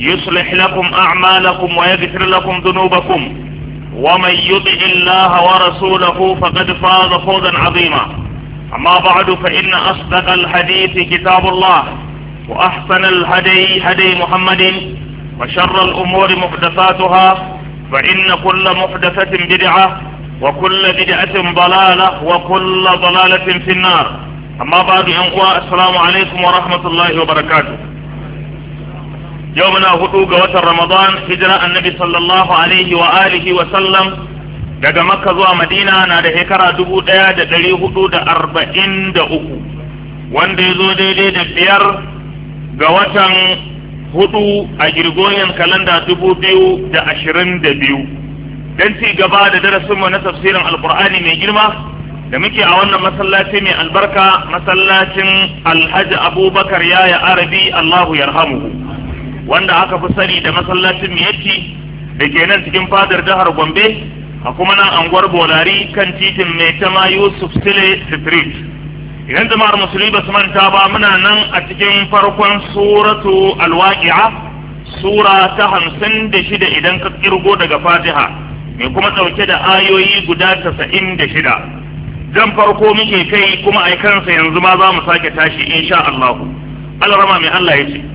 يصلح لكم أعمالكم ويغفر لكم ذنوبكم ومن يطع الله ورسوله فقد فاز فوزا عظيما أما بعد فإن أصدق الحديث كتاب الله وأحسن الهدي هدي محمد وشر الأمور محدثاتها فإن كل محدثة بدعة وكل بدعة ضلالة وكل ضلالة في النار أما بعد أنقوى السلام عليكم ورحمة الله وبركاته yau muna hudu ga watan ramadan hijira annabi sallallahu alaihi wa alihi wa daga makka zuwa madina na da shekara dubu daya da dari hudu da arba'in da uku wanda ya zo daidai da biyar ga watan hudu a girgoyin kalanda dubu biyu da ashirin da biyu don ci gaba da darasinmu na tafsirin alkur'ani mai girma da muke a wannan masallaci mai albarka masallacin alhaji abubakar yaya arabi allahu yarhamuhu wanda aka fi sani da masallacin Miyeti da ke nan cikin fadar jihar gombe a kuma nan anguwar bolari kan titin mai tama yusuf sile street idan jama'ar musulmi ba su manta ba muna nan a cikin farkon suratu alwaƙi'a sura ta hamsin da shida idan ka kirgo daga fatiha mai kuma ɗauke da ayoyi guda tasa'in da shida zan farko muke kai kuma aikansa yanzu ma za mu sake tashi insha Allahu. Allah rama mai Allah ya ce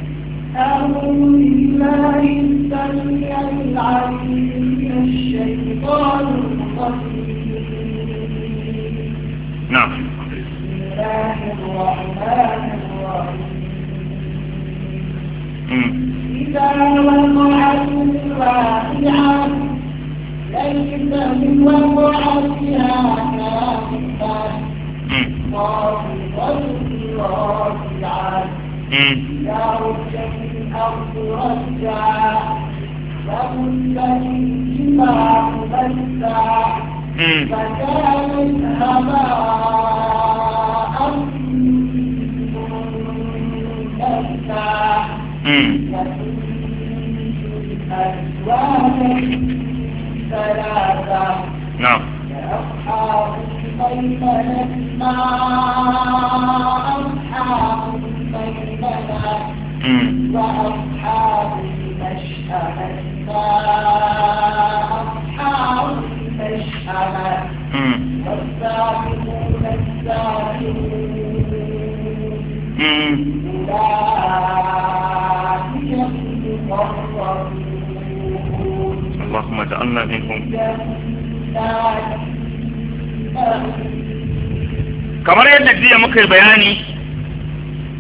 أعوذ بالله السميع العليم الشيطان الرجيم نعم بسم الله الرحمن إذا وقعت الواقعة ليس من وقعتها كاذبة خافضة رافعة يا رجت الأرض رجعا فمجت الجبال مسعا فكانت هباء منبثا وكنت أزواجا ثلاثة نعم أصحاب الميمنة ما أصحاب بيننا وأصحاب المشأمة وأصحاب المشأمة والسابقون السابقون اللهم اجعلنا منهم كما yadda jiya muka yi bayani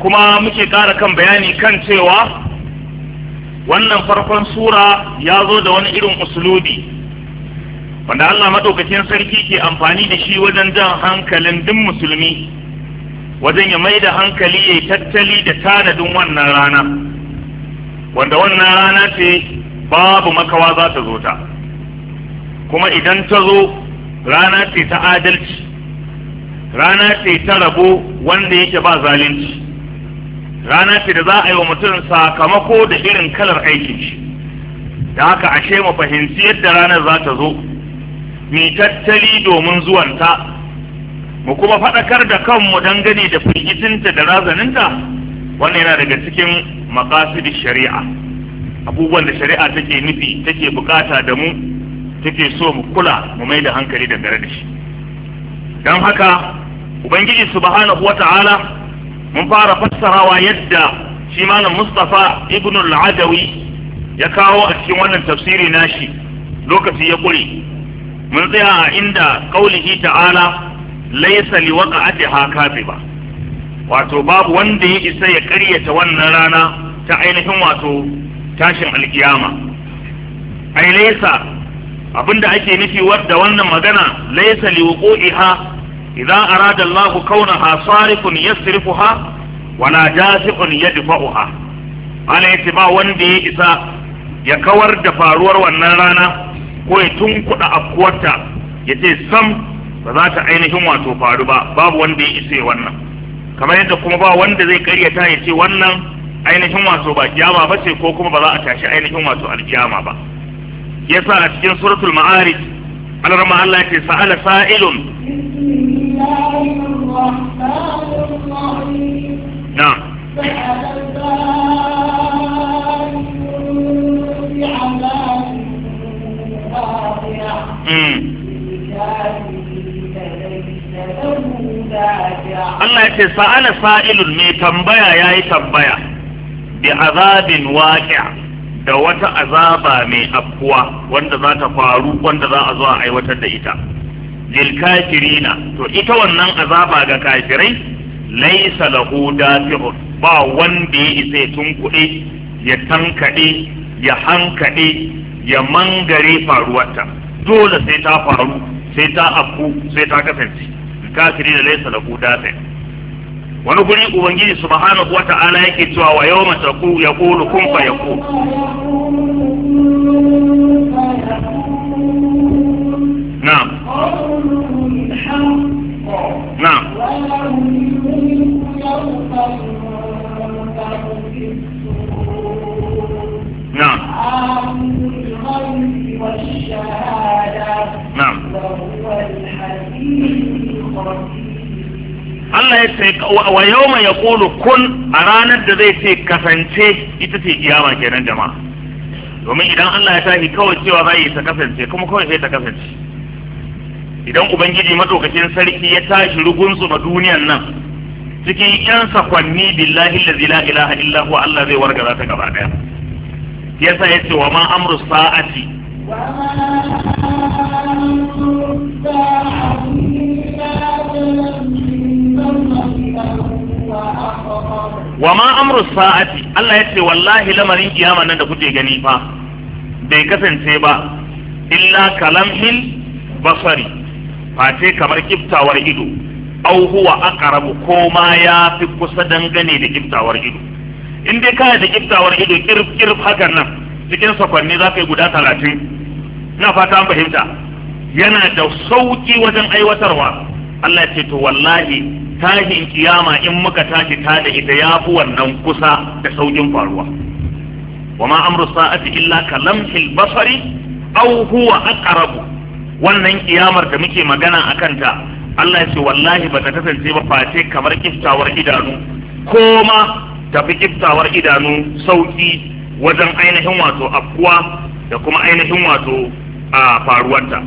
kuma muke ƙara kan bayani kan cewa wannan farkon sura ya zo da wani irin usulubi wanda Allah maɗaukakin sarki ke amfani da shi wajen jan hankalin duk musulmi wajen ya mai da hankali ya yi tattali da tanadin wannan rana wanda wannan rana ce babu makawa za ta zo ta kuma idan ta zo rana ce ta adalci rana ce ta rabo wanda yake ba zalunci rana ce da za a yi wa mutum sakamako da irin kalar aikin shi da haka ashe mu fahimci yadda ranar za ta zo mu tattali domin zuwanta mu kuma faɗakar da kanmu dangane da firgitinta da razaninta wannan yana daga cikin maqasid shari'a abubuwan da shari'a take nufi take bukata da mu take so mu kula mu mai da hankali da shi don haka ubangiji subhanahu wata'ala mun fara fassarawa yadda shi malam Mustafa ibn al-Adawi ya kawo a cikin wannan tafsiri nashi lokaci ya kure mun tsaya a inda qaulihi ta'ala laysa liwaqa'atiha kadhiba wato babu wanda ya isa ya karyata wannan rana ta ainihin wato tashin alkiyama ai laysa abinda ake nufi wadda wannan magana laysa liwuqiha idan arada Allah kaunaha sarifun ha, wala jasi'un yadfa'uha ana yace ba wanda ya isa ya kawar da faruwar wannan rana ko ya tunkuɗa afkuwarta ya ce sam ba za ta ainihin wato faru ba babu wanda ya isa wannan kamar yadda kuma ba wanda zai karyata ya ce wannan ainihin wato ba kiyama ba ce ko kuma ba za a tashi ainihin wato alkiyama ba yasa a cikin suratul ma'arij alarma Allah ya ce sa'ala sa'ilun الله الرحمن الرحيم نعم Allah ya ce sa'ala sa'ilun mai tambaya ya yi tambaya bi azabin waƙi'a da wata azaba mai afkuwa wanda za ta faru wanda za a zo a aiwatar da ita lil kafirina to ita wannan azaba ga kafirai laysa lahu dafi'un ba wanda ya isa tun kuɗi ya tankade ya hankade ya mangare faruwarta dole sai ta faru sai ta afku sai ta kasance kafirina laysa lahu dafi'un wani guri ubangiji subhanahu wata'ala yake cewa wa yawma taqu yaqulu kun fayakun نعم نعم نعم Allah ya ce wa yau mai ya yaqulu kun a ranar da zai ce kasance ita ce kiyama kenan jama'a domin idan Allah ya tashi kawai cewa za yi ta kasance kuma kawai sai ta kasance idan ubangiji madaukakin sarki ya tashi rugunsu ma duniyan nan cikin yan sakwanni billahi allazi la ilaha illa huwa Allah zai warga za ta gaba daya yasa yace wa ma amru wa ma amru sa'ati wa ma amru sa'ati Allah yace wallahi lamarin kiyama nan da kuke gani fa bai kasance ba illa kalamhil basari face kamar kiftawar ido au huwa aqrabu ko ma ya fi kusa dangane da kiftawar ido in dai kana da kiftawar ido kirf kirf hakan nan cikin sakwanni za ka yi guda talatin na fata an fahimta yana da sauki wajen aiwatarwa Allah ce to wallahi tashin kiyama in muka tashi ta da ita ya fi wannan kusa da saukin faruwa wa ma amru sa'ati illa kalamhil basari au huwa aqrabu wannan kiyamar da muke magana a kanta Allah ya ce wallahi ba ta kasance ba face kamar kiftawar idanu ko ma tafi kiftawar idanu sauki wajen ainihin wato afkuwa da kuma ainihin wato a faruwarta.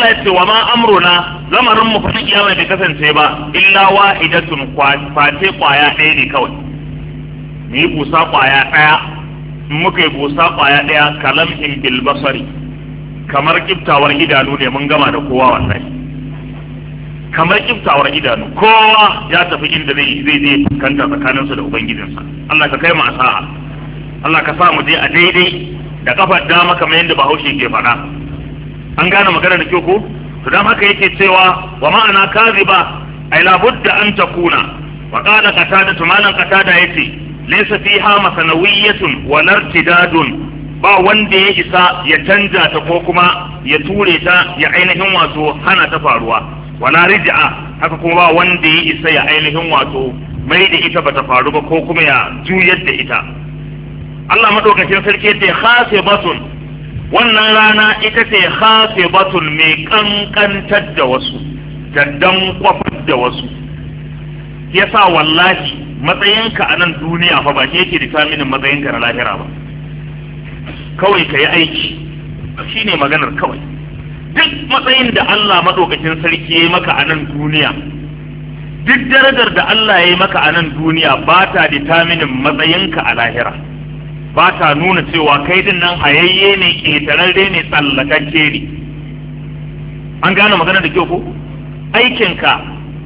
Allah ya ce wa ma amruna lamarin mu fa ya bai kasance ba illa wahidatun fate kwaya ɗaya ne kawai mu yi busa kwaya ɗaya in muka yi busa kwaya ɗaya kalam in bil basari kamar kiftawar idanu ne mun gama da kowa wallahi kamar kiftawar idanu kowa ya tafi inda zai zai zai tsakanin su da ubangijinsa Allah ka kai mu asaha Allah ka sa mu je a daidai da kafar dama kamar yadda Bahaushe ke faɗa an gane magana da kyau ko to dan haka yake cewa wa ma'ana kaziba ay budda an takuna wa qala qatada to malan qatada yace laysa fiha masanawiyyatun wa lartidadun ba wanda ya isa ya canja ta ko kuma ya ture ta ya ainihin wato hana ta faruwa wala rij'a haka kuma ba wanda ya isa ya ainihin wato mai da ita bata faru ba ko kuma ya juyar da ita Allah madaukakin sarki ya ce khasibatun wannan rana ita ce batul mai kankantar da wasu da kwafar da wasu ya sa wallahi matsayinka a nan duniya fa ba ke yake determinin matsayinka na lahira ba kawai ka yi aiki shine maganar kawai duk matsayin da Allah maɗaukacin sarki ya yi maka a nan duniya duk darajar da Allah ya yi maka a nan duniya ba ta determinin matsayinka a lahira ba ta nuna cewa kai din nan hayayye ne ƙetararre ne tsallakakke ne an gane magana da kyau ko aikinka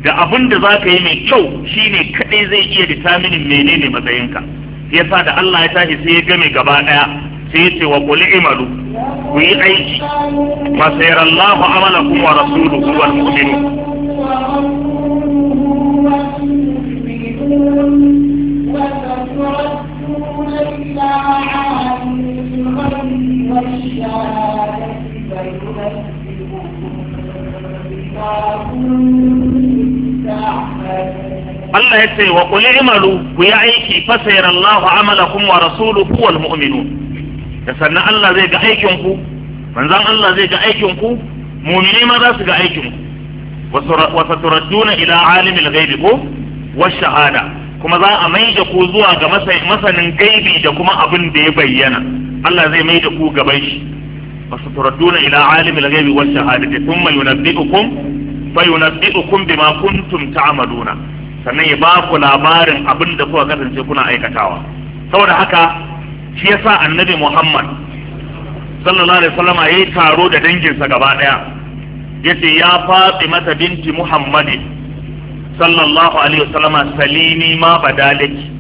da abin da za ka yi mai kyau shine kaɗai zai iya determinin menene matsayinka yasa da Allah ya tashi sai ya game gaba ɗaya sai ya ce wa qul imalu ku yi aiki fa sayarallahu amalakum wa rasuluhu wal mu'minun عن الغيب والشهادة فينبئكم بما كنتم تعملون Allah ya ce wa qul i'malu ku yi aiki fa sayarallahu amalakum wa rasuluhu wal mu'minun da sannan Allah zai ga aikin ku manzon Allah zai ga aikin ku mu'mini ma za su ga aikin ku wa saturadduna ila alimil ghaibi ko wa shahada kuma za a mai da ku zuwa ga masanin gaibi da kuma abin da ya bayyana Allah zai mai da ku gaban shi su turaduna ila alimil gaibi wal shahadati thumma yunabbi'ukum fa yunabbi'ukum bima kuntum sannan ya ba ku labarin abin da kuka kasance kuna aikatawa saboda haka shi yasa annabi Muhammad sallallahu alaihi wasallam yi taro da danginsa gaba daya yace ya mata binti Muhammadin sallallahu alaihi wasallama salini ma badalaki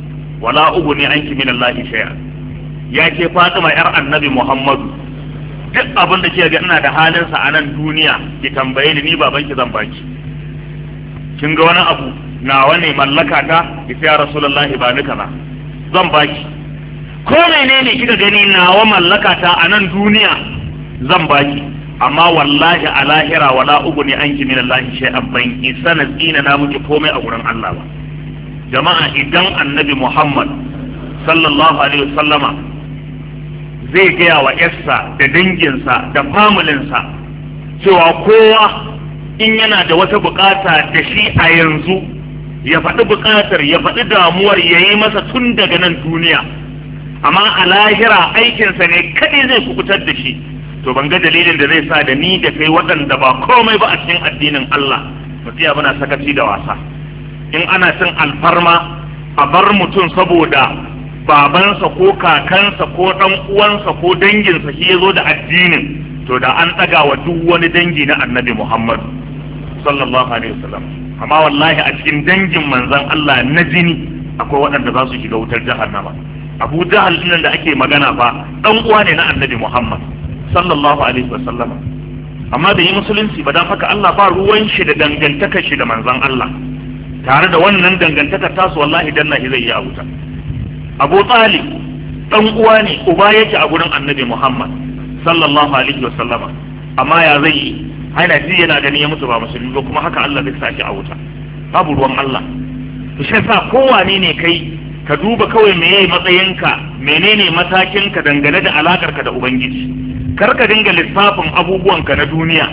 wala ugu uguni anki min Allah shay'a ya ke Fatima yar annabi Muhammadu duk abin da kike ga ina da halin sa a nan duniya ki tambaye ni ni baban ki zan baki kin ga wani abu nawa ne mallaka ta ki sai rasulullahi ba ni kaza zan baki ko menene kika gani nawa mallaka ta a nan duniya zan baki amma wallahi a lahira wala ugu ne an ki minallahi an ban isa na tsina na komai a gurin Allah ba jama'a idan annabi Muhammad sallallahu alaihi wasallama zai gaya wa yarsa da danginsa da familinsa cewa kowa in yana da wata bukata da shi a yanzu ya faɗi bukatar ya faɗi damuwar ya yi masa tun daga nan duniya amma a lahira aikinsa ne kaɗai zai kubutar da shi to ban ga dalilin da zai sa da ni da kai waɗanda ba komai ba a cikin addinin Allah mu tsaya muna sakaci da wasa in ana cin alfarma a bar mutum saboda babansa ko kakansa ko ɗan uwansa ko danginsa shi ya zo da addinin to da an ɗaga wa duk wani dangi na annabi Muhammad sallallahu alaihi wasallam amma wallahi a cikin dangin manzon Allah na jini akwai waɗanda za su shiga wutar jahannama Abu Jahal da ake magana fa ɗan uwa ne na annabi Muhammad sallallahu alaihi sallama. amma bai yi musulunci ba dan haka Allah ba ruwan shi da dangantaka shi da manzon Allah tare da wannan dangantaka tasu wallahi danna zai yi a wuta Abu Talib dan uwa ne uba yake a gurin Annabi Muhammad sallallahu alaihi sallama. amma ya zai yi ana ji yana ganin ya mutu ba musulmi ba kuma haka Allah zai saki a wuta babu ruwan Allah to shi sa kowane ne kai ka duba kawai meye matsayinka menene matakinka dangane da alakarka da ubangiji karka dinga lissafin abubuwanka na duniya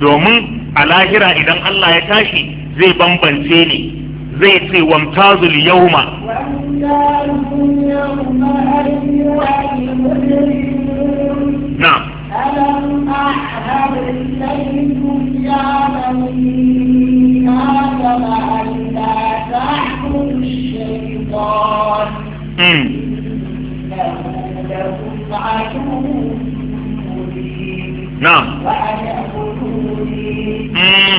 domin a lahira idan Allah ya tashi zai bambance ne zai ce wamtazul yauma na Mm. na'am mm.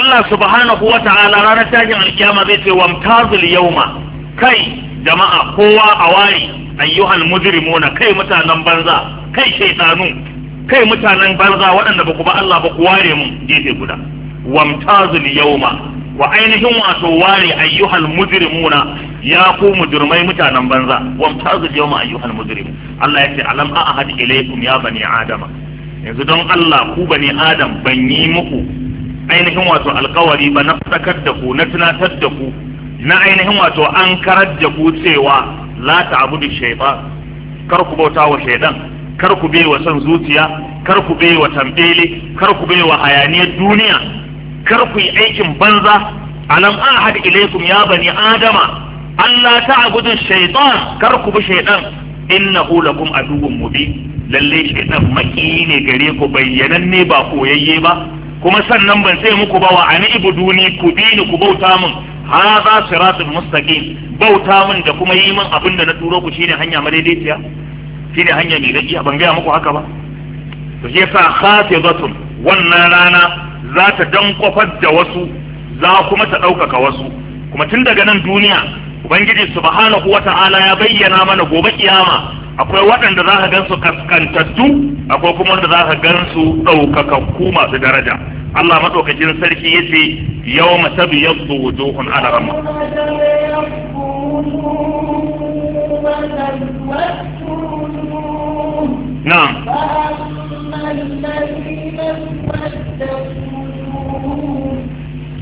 Allah subhanahu wa ta'ala ranar tajin alkiyama zai ce wamtazul yauma kai jama'a kowa a wari ayyuhal mujrimuna kai mutanen banza kai shaitanu kai mutanen banza waɗanda ba ku ba Allah ba ku ware mun gefe guda wamtazul yauma wa ainihin wato ware ayyuhal mujrimuna ya ku mujrimai mutanen banza wa tazu yawma ayyuhal mujrim Allah yace alam ahad ilaykum ya bani adama yanzu don Allah ku bani adam ban yi muku ainihin wato alkawari ba na fadakar da ku na tunatar da ku na ainihin wato an karar da ku cewa la ta'budu kar ku bauta wa shaytan kar ku bai wa son zuciya kar ku bai wa tambele kar ku bai wa hayaniyar duniya kar ku yi aikin banza alam ahad ilaikum ya bani adama Allah ta'budu shaytan kar ku bi shaytan innahu lakum aduwwun mubin lalle shaytan maki ne gare ku bayyananne ba koyayye ba kuma sannan ban sai muku ba wa ani ibuduni ku bi ni ku bauta min hadha siratul mustaqim bauta min da kuma yi min abin da na turo ku shine hanya madaidaiciya shine hanya mai ban gaya muku haka ba to yasa khafidatun wannan rana za ta dankwafar da wasu za kuma ta ɗaukaka wasu kuma tun daga nan duniya ubangiji subhanahu wata'ala ya bayyana mana gobe kiyama akwai waɗanda za ka gansu kaskantattu akwai kuma wanda za ka gansu ɗaukakakku masu daraja Allah maɗaukakin sarki ya ce yau masabu ya zo ala rama na'am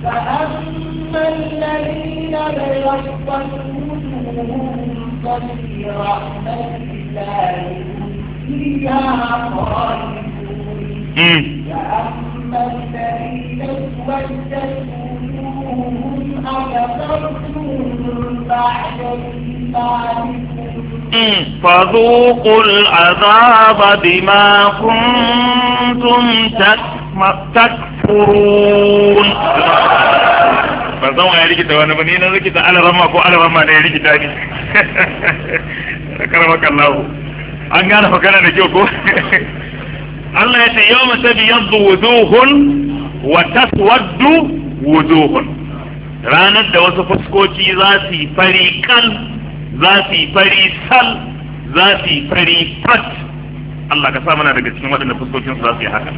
فأما الذين ابيضت ففي رحمة الله فيها خالدون فأما الذين فذوقوا العذاب بما كنتم تكفرون ban san ya rikita wani ba ni na rikita alarama ko alarama ne ya rikita ni karama kallahu an gane fakana da kyau ko Allah ya ce yau mace biyar wuduhun wa taswaddu wuduhun ranar da wasu fuskoki za su yi fari kal za su yi fari sal za su yi fari fat Allah ka sa mana daga cikin waɗanda fuskokin su za su yi haka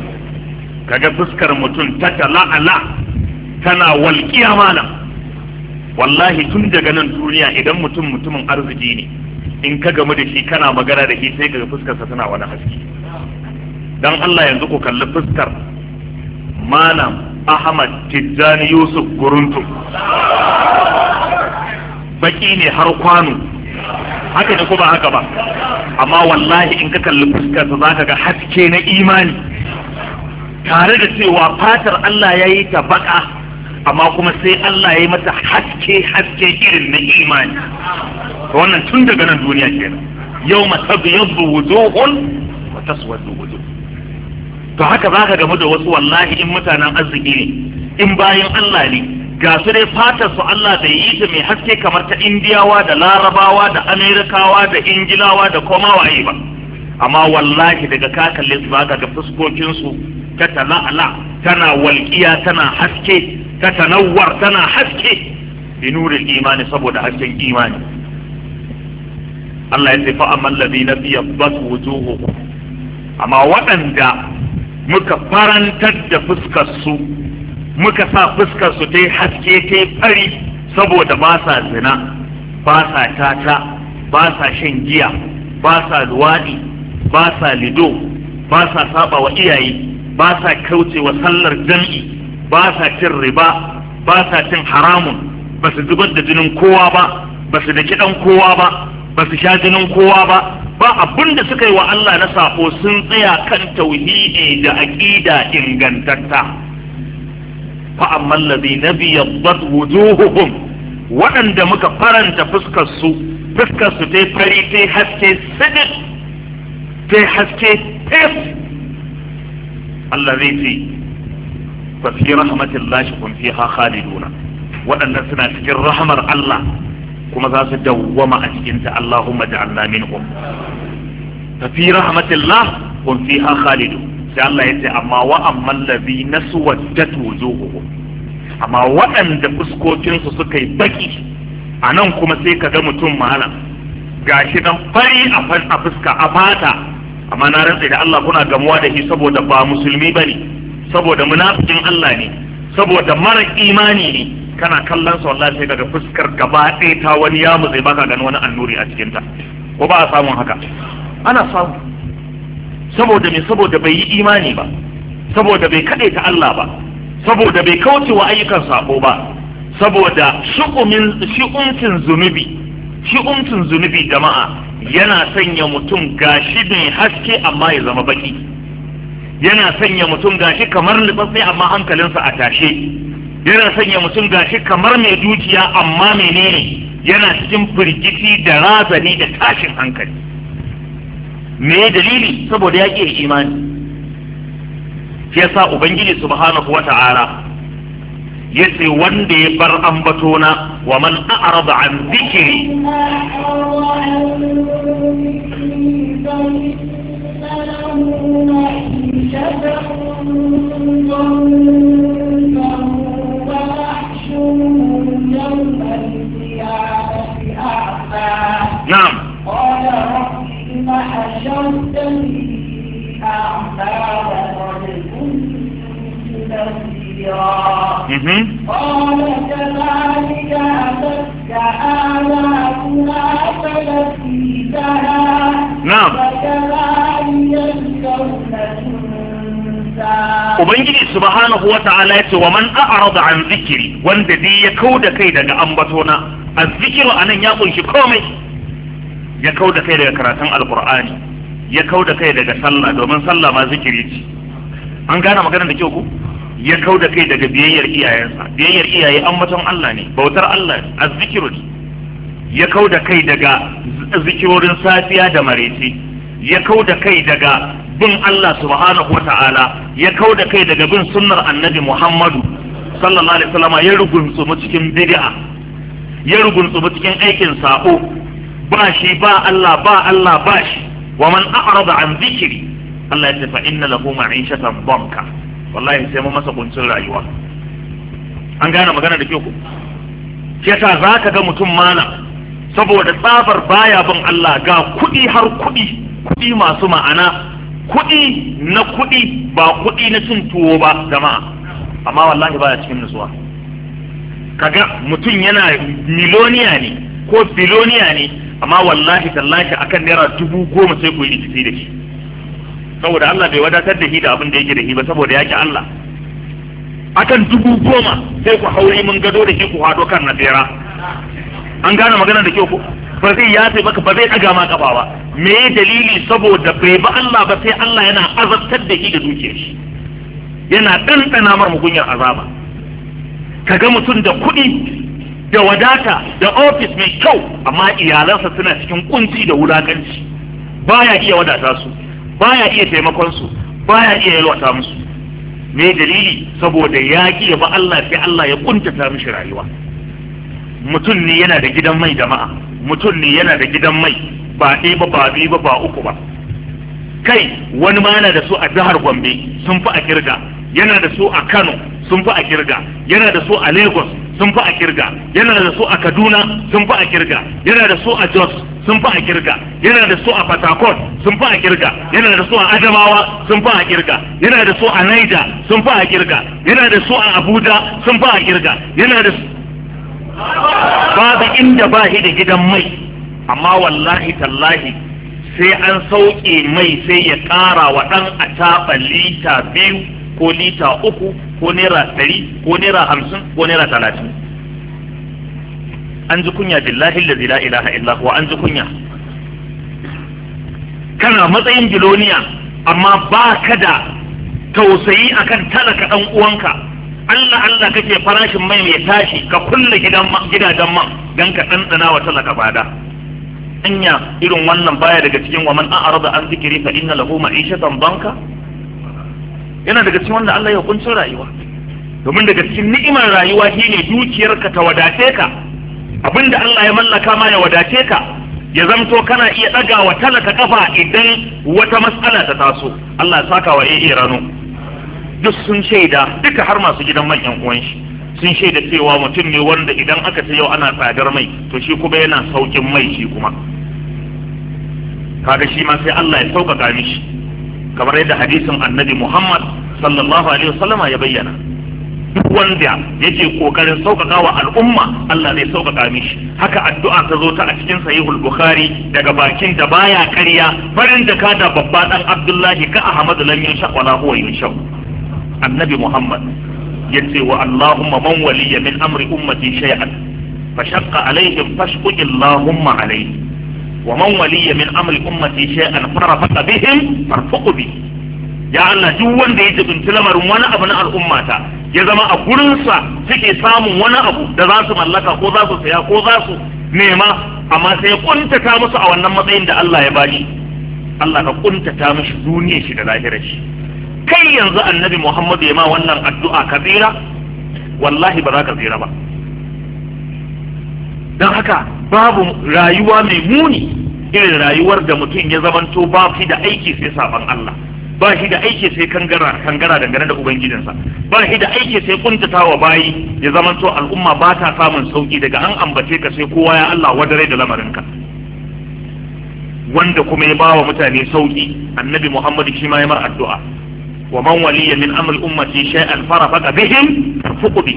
kaga fuskar mutum ta la'ala tana walƙiya malam wallahi tun daga nan duniya idan mutum mutumin arziki ne in ka gamu da shi kana magana da shi sai ka fuskarsa tana wani haske dan Allah yanzu ku kalli fuskar malam Ahmad Tijjani Yusuf Guruntu baki ne har kwano haka ne ko ba haka ba amma wallahi in ka kalli sa zaka ga haske na imani tare da cewa fatar Allah yayi yi ta baka amma kuma sai Allah ya yi mata haske haske irin na imani wannan tun daga nan duniya kenan yau matabyaddu wujuhun wa taswaddu wujuh to haka zaka gamu da wasu wallahi in mutanen arziki ne in bayan Allah ne ga su dai fatar su Allah bai yi ta mai haske kamar ta Indiyawa da Larabawa da Amerikawa da Ingilawa da koma waye ba amma wallahi daga ka kalle su zaka ga fuskokinsu ta tana walƙiya tana haske ta tana haske bi nuril imani saboda hasken imani Allah ya ce fa amman ladina fi yabbat wujuhu. amma waɗanda muka farantar da fuskar su muka sa fuskar su tai haske tai fari saboda ba sa zina ba sa tata ba sa shan giya ba sa luwaɗi ba sa lido ba sa saba wa iyaye ba sa kauce wa sallar jam'i ba sa cin riba ba sa cin haramun ba su zubar da jinin kowa ba ba su da kiɗan kowa ba ba su sha jinin kowa ba ba abin da suka yi wa Allah na sako sun tsaya kan tauhidi da aƙida ingantatta fa amma allazina biyaddat wujuhuhum waɗanda muka faranta fuskar su fuskar su tai fari tai haske sidik tai haske tes Allah zai ce fa fi rahmatillahi kun fiha khaliduna waɗannan suna cikin rahamar Allah kuma za su dawwama a cikin ta Allahumma ja'alna minhum fa fi rahmatillah kun fiha khalidun sai Allah yace amma wa amman ladina suwaddat wujuhuhum amma waɗanda fuskokinsu suka yi baki a nan kuma sai ka ga mutum malam gashi dan fari a fuska a fata amma na rantsa da Allah kuna gamuwa da shi saboda ba musulmi bane saboda munafikin Allah ne saboda mara imani ne kana kallon sa wallahi sai kaga fuskar gaba ɗaya ta wani ya zai baka gani wani annuri a cikin ta ko ba a samun haka ana samu saboda me saboda bai yi imani ba saboda bai kaɗe ta Allah ba saboda bai kauce wa ayyukan sako ba saboda shi'umcin zunubi shi'umcin zunubi jama'a yana sanya mutum gashi mai haske amma ya zama baki yana sanya mutum gashi kamar litsatsi amma hankalinsa a tashe yana sanya mutum gashi kamar mai dukiya amma menene yana cikin firgici da razani da tashin hankali me dalili saboda ya ƙi imani yasa ubangiji subhanahu wata'ala yace wanda ya bar ambatona wa man a'rada an dhikri نعم قال ربما حشرتني أعمى وقد كنت بصيرا قال كذلك أتتك آياتنا فنسيتها نعم وكذلك نعم. الكون ubangiji subhanahu wa ta'ala ya ce wa man a'rada an zikiri wanda dai ya kauda kai daga ambatona azzikir anan ya kunshi komai ya kauda kai daga karatun alqur'ani ya kauda kai daga sallah domin sallah ma zikiri ce an gane magana da kyau ku ya kauda kai daga biyayyar iyayensa biyayyar iyaye ambaton Allah ne bautar Allah ne azzikiru ya kauda kai daga zikirorin safiya da marece ya kauda kai daga bin Allah subhanahu wata'ala ya kau da kai daga bin sunnar annabi Muhammadu sallallahu alaihi wasallam ya rugunsu cikin bid'a ya rugunsu mu cikin aikin sako ba shi ba Allah ba Allah ba shi wa man a'rada an zikri Allah ya ce fa inna lahu ma'ishatan banka wallahi sai mu masa kuncin rayuwa an gane magana da Ke ko yasa zaka ga mutum mana? saboda tsabar baya bin Allah ga kuɗi har kuɗi kuɗi masu ma'ana kuɗi na kuɗi ba kuɗi na cin tuwo ba dama amma wallahi baya cikin nutsuwa kaga mutum yana miloniya ne ko biloniya ne amma wallahi tallahi akan naira dubu goma sai ku yi rikici da shi saboda Allah bai wadatar da shi da abin da yake da shi ba saboda yake Allah akan dubu goma sai ku haure mun gado da shi ku hado kan na an gane magana da kyau ko ba zai yafe maka ba zai daga ma ƙafa ba me dalili saboda bai ba Allah ba sai Allah yana azabtar da shi da dukiyar shi yana ɗanɗana mar mugunyar azaba kaga mutum da kuɗi da wadata da ofis mai kyau amma iyalansa suna cikin ƙunci da wulakanci baya iya wadata su baya iya taimakon su baya iya yalwata musu me dalili saboda ya ki ba Allah sai Allah ya kuntata mishi rayuwa mutum ne yana da gidan mai jama'a mutum ne yana da gidan mai ba ɗaya ba ba biyu ba ba uku ba kai wani ma yana da su a jihar gombe sun fi a kirga yana da su a kano sun fi a kirga yana da su a lagos sun fi a kirga yana da su a kaduna sun fi a kirga yana da su a jos sun fi a kirga yana da su a fatakot sun fi a kirga yana da su a adamawa sun fi a kirga yana da su a naija sun fi a kirga yana da su a abuja sun fi a kirga yana da su babu inda ba shi da gidan mai amma wallahi tallahi sai an sauke mai sai ya ƙara wa ɗan a taɓa lita biyu ko lita uku ko naira ɗari ko naira hamsin ko naira talatin an ji kunya billahi lazi la ilaha illa huwa an ji kunya kana matsayin biloniya amma ba ka da tausayi akan talaka ɗan uwanka Allah Allah kake farashin mai mai tashi ka kunna gidajen man don ka ɗanɗana wa talaka bada anya irin wannan baya daga cikin wa waman an arada an zikiri fa inna lahu ma'ishatan banka yana daga cikin wanda Allah ya hukunta rayuwa domin daga cikin ni'imar rayuwa shine dukiyarka ta wadace ka abinda Allah ya mallaka ma ya wadace ka ya zamto kana iya ɗaga wa talaka kafa idan wata matsala ta taso Allah ya saka wa iya rano duk sun shaida duka har masu gidan man yan uwan shi sun shaida cewa mutum ne wanda idan aka ce yau ana tsadar mai to shi kuma yana saukin mai shi kuma kaga shi ma sai Allah ya sauƙaƙa mishi kamar yadda hadisin annabi Muhammad sallallahu alaihi wasallama ya bayyana duk wanda yake kokarin sauƙaƙa wa al'umma Allah zai sauƙaƙa mishi haka addu'a ta zo ta a cikin sahihul bukhari daga bakin da baya ƙarya farin da kada babba dan Abdullahi ka Ahmadu lam yashqa wala huwa yashqa annabi Muhammad yace wa Allahumma man waliya min amri ummati shay'an fashaqqa alaihim fashquq Allahumma alaihi wa man waliya min amri ummati shay'an farafaqa bihim farfuq bi ya Allah duk wanda ya jibinci lamarin wani abu na al'ummata ya zama a gurinsa suke samun wani abu da za su mallaka ko za su saya ko za su nema amma sai ya kuntata musu a wannan matsayin da Allah ya bashi Allah ka kuntata mishi duniyar shi da lahirar shi kai yanzu annabi muhammadu ya ma wannan addu'a ka tsira wallahi ba za ka tsira ba don haka babu rayuwa mai muni irin rayuwar da mutum ya zamanto ba shi da aiki sai saban Allah ba shi da aiki sai kangara kangara dangane da ubangijinsa ba shi da aiki sai kuntata wa bayi ya zamanto al'umma ba ta samun sauki daga an ambace ka sai kowa ya Allah wadare da lamarinka wanda kuma ya ba wa mutane sauki annabi Muhammad shi ma ya mar addu'a wa man waliya min amr ummati shay'an farafaqa bihim fuqbi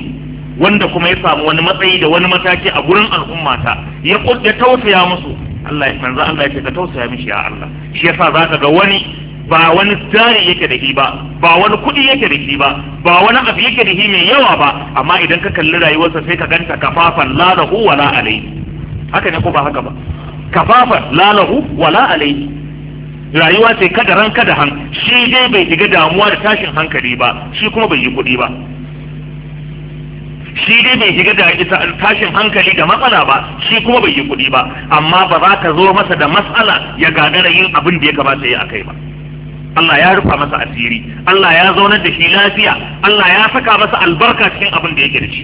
wanda kuma ya samu wani matsayi da wani mataki a gurin al'ummata ya ya tausaya musu Allah ya manzo Allah ya ce ka tausaya mishi ya Allah shi yasa zaka ga wani ba wani tsari yake da shi ba ba wani kuɗi yake da shi ba ba wani abu yake da shi mai yawa ba amma idan ka kalli rayuwarsa sai ka ganta kafafan la lahu wala alai. haka ne ko ba haka ba kafafan la lahu wala alai. rayuwa sai kada ran kada han shi dai bai shiga damuwa da tashin hankali ba shi kuma bai yi kuɗi ba shi dai bai shiga da tashin hankali da matsala ba shi kuma bai yi kuɗi ba amma ba za ka zo masa da matsala ya gagara yin abin da ya kamata ya akai ba Allah ya rufa masa asiri Allah ya zaunar da shi lafiya Allah ya saka masa albarka cikin abin da yake da shi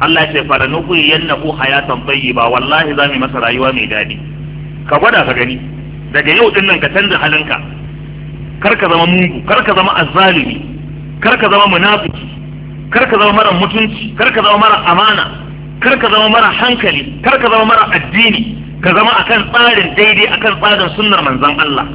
Allah ya ce fara nuku yannahu hayatan tayyiba wallahi za mu masa rayuwa mai dadi ka gwada ka gani daga yau din nan ka canza halinka kar ka zama mugu kar ka zama azzalimi kar ka zama munafiki kar ka zama mara mutunci kar ka zama mara amana kar ka zama mara hankali kar ka zama mara addini ka zama akan tsarin daidai akan tsarin sunnar manzon Allah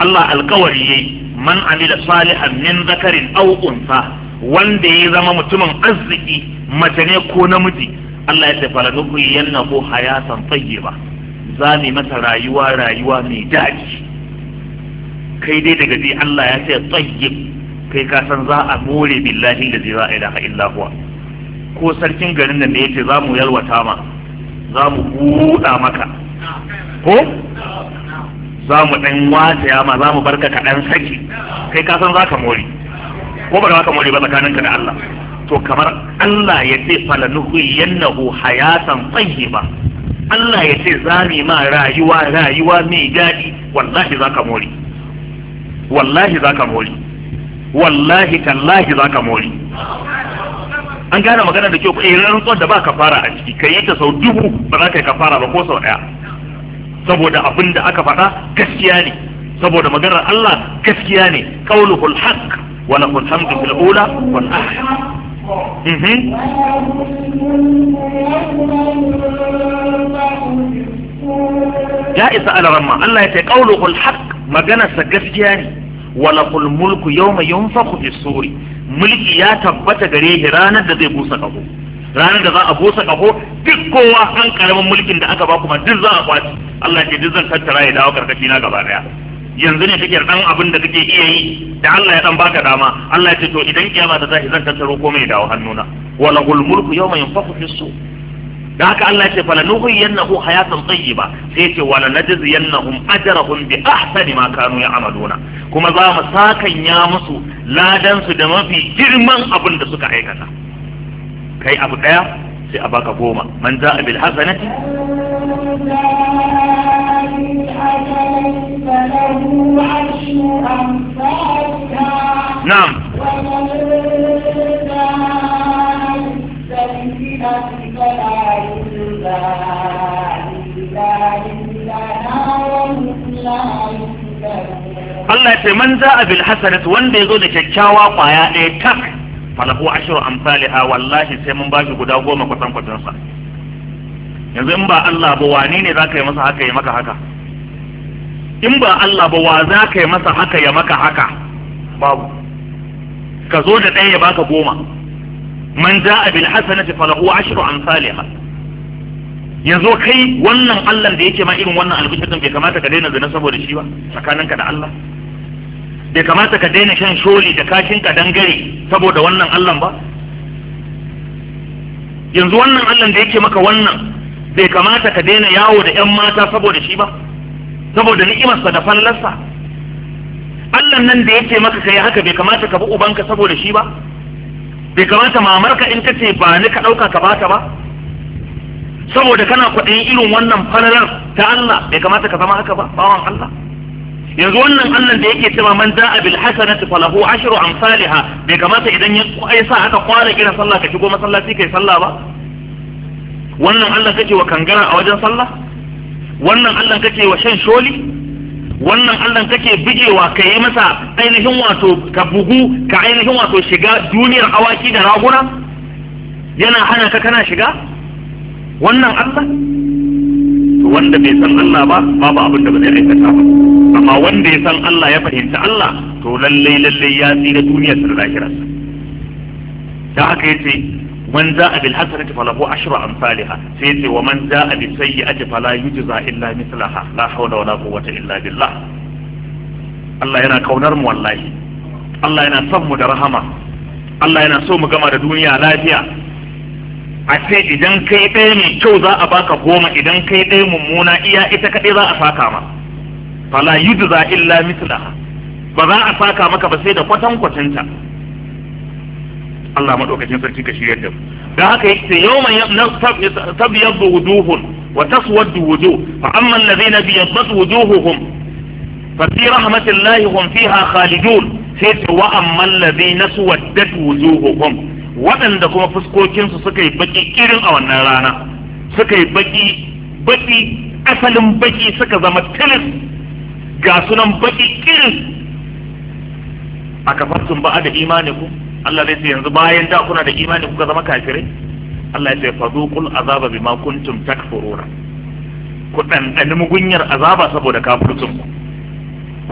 Allah alkawari yayi man amila salihan min zakarin aw unsa wanda ya zama mutumin arziki mace ne ko namiji Allah ya ce falanuku yanna ko hayatan tayyiba za mu mata rayuwa rayuwa mai daɗi kai dai daga ji Allah ya ce tayyib kai ka san za a more billahi da zai za a illa huwa ko sarkin garin nan ne yace za mu yalwata ma za mu buɗa maka ko za mu ɗan ya ma za mu barka ka dan saki kai ka san za ka more ko ba ka more ba tsakaninka da Allah to kamar Allah ya ce falanuhiyannahu hayatan tayyiba Allah ya ce zami ma rayuwa rayuwa mai gadi wallahi zaka more wallahi zaka more wallahi tallahi zaka more an gane magana da kyau eh rantsuwar da ba ka fara a ciki kai ta sau dubu ba za ka yi kafara ba ko sau daya saboda abin da aka faɗa gaskiya ne saboda maganar Allah gaskiya ne qauluhul haqq وله الحمد في الأولى والآخرة ya isa alaramma Allah ya ce qauluhul haqq maganarsa gaskiya ne walakul mulku yawma yunfakhu fi suri mulki ya tabbata gare shi ranar da zai busa kaho ranar da za a busa kaho duk kowa an karamin mulkin da aka ba kuma duk za a Allah ya ce zan tattara ya dawo karkashi na gaba daya yanzu ne kake dan abin da kake iya yi da Allah ya dan baka dama Allah ya ce to idan kiyama ta tashi zan tattaro komai dawo hannuna wala gul mulku yawma yanfakhu fi su da haka Allah ya ce fala nuhiyannahu hayatan tayyiba sai ya ce wala najziyannahum ajrahum bi ahsani ma kanu ya'maluna kuma za mu sakanya musu ladan su da mafi girman abin da suka aikata kai abu daya sai a baka goma man za'a bil hasanati نعم Allah ya ce man za a bil hasanat wanda ya zo da kyakkyawa kwaya ɗaya tak falahu ashiru amsaliha wallahi sai mun bashi guda goma kwatan sa yanzu in ba Allah ba wane ne zaka yi masa haka yi maka haka in ba Allah ba wa za ka yi masa haka ya maka haka babu ka zo da ɗaya ya baka goma man a bil hasanati falahu ashru amsalha yanzu kai wannan Allah da yake ma irin wannan albishirin bai kamata ka daina zina saboda shi ba tsakanin ka da Allah bai kamata ka daina shan sholi da kashin ka dangare saboda wannan Allah ba yanzu wannan Allah da yake maka wannan bai kamata ka daina yawo da ƴan mata saboda shi ba saboda ni'imarsa da fallarsa Allah nan da yake maka kai haka bai kamata ka bi ubanka saboda shi ba bai kamata mamarka in ka ce ba ni ka ɗauka ka bata ba saboda kana kwaɗayin irin wannan falalar ta Allah bai kamata ka zama haka ba bawan Allah yanzu wannan Allah da yake cewa man da'a bil hasanati falahu ashru amsalha bai kamata idan ya sa aka kwana kiran sallah ka shigo masallaci kai sallah ba wannan Allah kake wa kangara a wajen sallah wannan Allah kake wa shan sholi wannan Allah kake bigewa ka yi masa ainihin wato ka bugu ka ainihin wato shiga duniyar awaki da raguna yana hana ka kana shiga wannan Allah wanda bai san Allah ba babu abin da ba zai aikata ba amma wanda ya san Allah ya fahimci Allah to lallai lallai ya tsira duniyar da ta da haka yace man za'a bil hasanati falahu ashru amsalha sai ce wa man za'a bi sayyi'ati fala yujza illa mislaha la hawla wala quwwata illa billah Allah yana kaunar mu wallahi Allah yana son mu da rahama Allah yana so mu gama da duniya lafiya a ce idan kai ɗaya mai kyau za a baka goma idan kai ɗaya mummuna iya ita kaɗai za a saka ma fala yujza illa mislaha ba za a saka maka ba sai da kwatankwacinta Allah madaukakin sarki ka shiryar da mu da haka yace yawman tabyaddu wujuhun wa taswaddu wujuh fa amma alladhina biyaddat wujuhuhum fa fi rahmatillahi hum fiha khalidun sai ce wa amma alladhina suwaddat wujuhuhum waɗanda kuma fuskokinsu suka yi baki irin a wannan rana suka yi baki baki asalin baki suka zama tilis ga sunan baki irin a kafar kafarsun ba'a da imaninku. ku Allah zai ce yanzu bayan da kuna da imani kuka zama kafirai Allah ya ce fadhuqul azaba bima kuntum takfuruna ku dan mugunyar azaba saboda kafircin